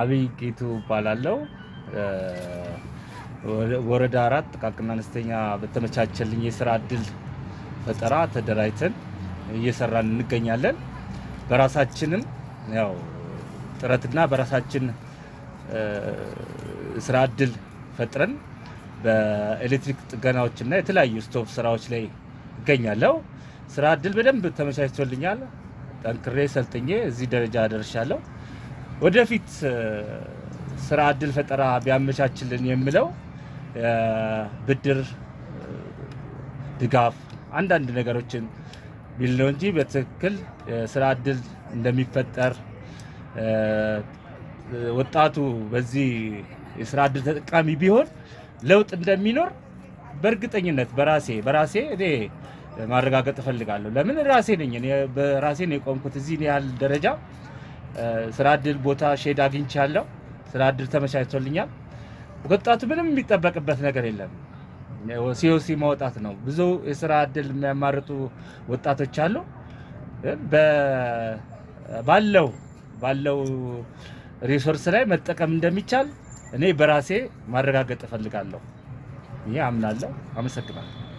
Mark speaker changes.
Speaker 1: አብይ ጌቱ እባላለሁ። ወረዳ አራት ጥቃቅንና አነስተኛ በተመቻቸልኝ የስራ እድል ፈጠራ ተደራጅተን እየሰራን እንገኛለን። በራሳችንም ያው ጥረትና በራሳችን ስራ እድል ፈጥረን በኤሌክትሪክ ጥገናዎችና የተለያዩ ስቶፕ ስራዎች ላይ እገኛለሁ። ስራ እድል በደንብ ተመቻችቶልኛል። ጠንክሬ ሰልጥኜ እዚህ ደረጃ ደርሻለሁ። ወደፊት ስራ እድል ፈጠራ ቢያመቻችልን የምለው ብድር ድጋፍ አንዳንድ ነገሮችን ቢል ነው እንጂ በትክክል ስራ እድል እንደሚፈጠር ወጣቱ በዚህ የስራ እድል ተጠቃሚ ቢሆን ለውጥ እንደሚኖር በእርግጠኝነት በራሴ በራሴ እኔ ማረጋገጥ እፈልጋለሁ። ለምን ራሴ ነኝ በራሴ ነው የቆምኩት እዚህ ያህል ደረጃ ስራ እድል ቦታ ሼድ አግኝቻለሁ። ስራ እድል ተመቻችቶልኛል። ወጣቱ ምንም የሚጠበቅበት ነገር የለም። ሲኦሲ ማውጣት ነው። ብዙ የስራ እድል የሚያማርጡ ወጣቶች አሉ። ባለው ባለው ሪሶርስ ላይ መጠቀም እንደሚቻል እኔ በራሴ ማረጋገጥ እፈልጋለሁ። ይህ አምናለሁ። አመሰግናለሁ።